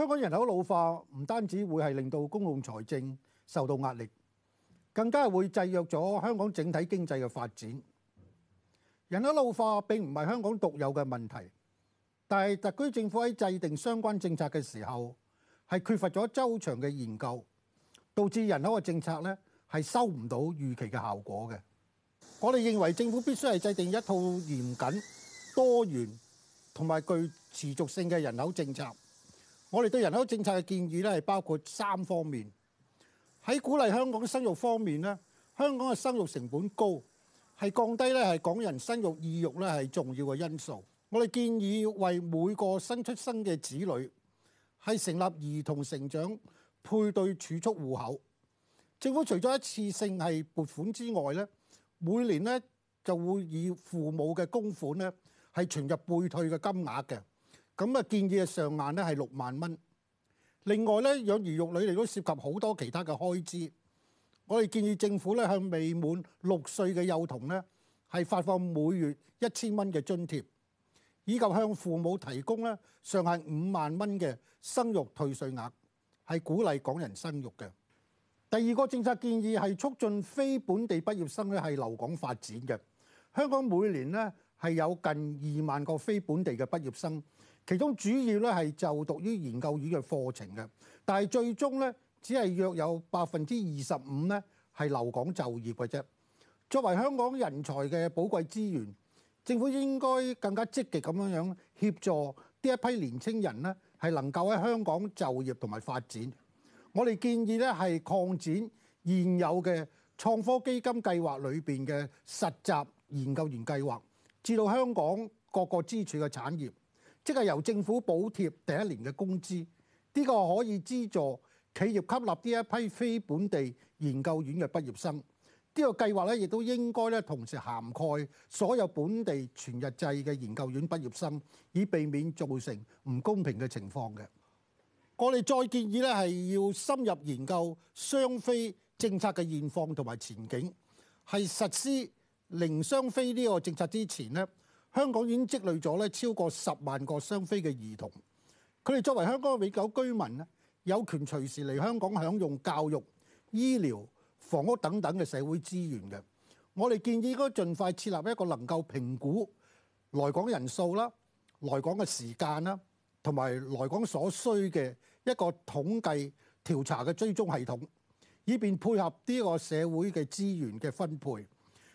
香港人口老化唔單止會係令到公共財政受到壓力，更加會制約咗香港整體經濟嘅發展。人口老化並唔係香港獨有嘅問題，但係特區政府喺制定相關政策嘅時候係缺乏咗周詳嘅研究，導致人口嘅政策咧係收唔到預期嘅效果嘅。我哋認為政府必須係制定一套嚴謹、多元同埋具持續性嘅人口政策。我哋對人口政策嘅建議咧，係包括三方面。喺鼓勵香港生育方面咧，香港嘅生育成本高，係降低咧係港人生育意欲咧係重要嘅因素。我哋建議為每個新出生嘅子女係成立兒童成長配對儲蓄戶口。政府除咗一次性係撥款之外咧，每年咧就會以父母嘅供款咧係存入背退嘅金額嘅。咁啊，建議啊上限咧係六萬蚊。另外咧，養兒育女亦都涉及好多其他嘅開支。我哋建議政府咧向未滿六歲嘅幼童咧係發放每月一千蚊嘅津貼，以及向父母提供咧上限五萬蚊嘅生育退稅額，係鼓勵港人生育嘅。第二個政策建議係促進非本地畢業生咧係留港發展嘅。香港每年咧係有近二萬個非本地嘅畢業生。其中主要咧係就讀於研究院嘅課程嘅，但係最終咧只係約有百分之二十五咧係留港就業嘅啫。作為香港人才嘅寶貴資源，政府應該更加積極咁樣樣協助呢一批年青人呢，係能夠喺香港就業同埋發展。我哋建議咧係擴展現有嘅創科基金計劃裏邊嘅實習研究員計劃，至到香港各個支柱嘅產業。呢個由政府補貼第一年嘅工資，呢個可以資助企業吸納呢一批非本地研究院嘅畢業生。呢個計劃咧，亦都應該咧同時涵蓋所有本地全日制嘅研究院畢業生，以避免造成唔公平嘅情況嘅。我哋再建議咧，係要深入研究雙非政策嘅現況同埋前景，係實施零雙非呢個政策之前咧。香港已經積累咗咧超過十萬個雙非嘅兒童，佢哋作為香港嘅永久居民咧，有權隨時嚟香港享用教育、醫療、房屋等等嘅社會資源嘅。我哋建議應該盡快設立一個能夠評估來港人數啦、來港嘅時間啦，同埋來港所需嘅一個統計調查嘅追蹤系統，以便配合呢個社會嘅資源嘅分配。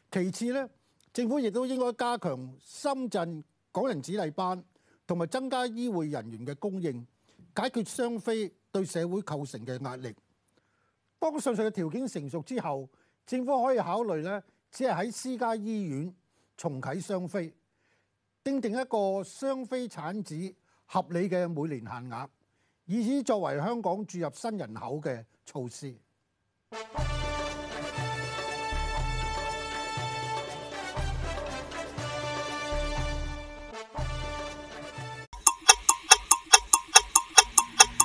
其次呢。政府亦都應該加強深圳港人子弟班，同埋增加醫護人員嘅供應，解決雙非對社會構成嘅壓力。當上述嘅條件成熟之後，政府可以考慮呢，只係喺私家醫院重啟雙非，訂定，定一個雙非產子合理嘅每年限額，以此作為香港注入新人口嘅措施。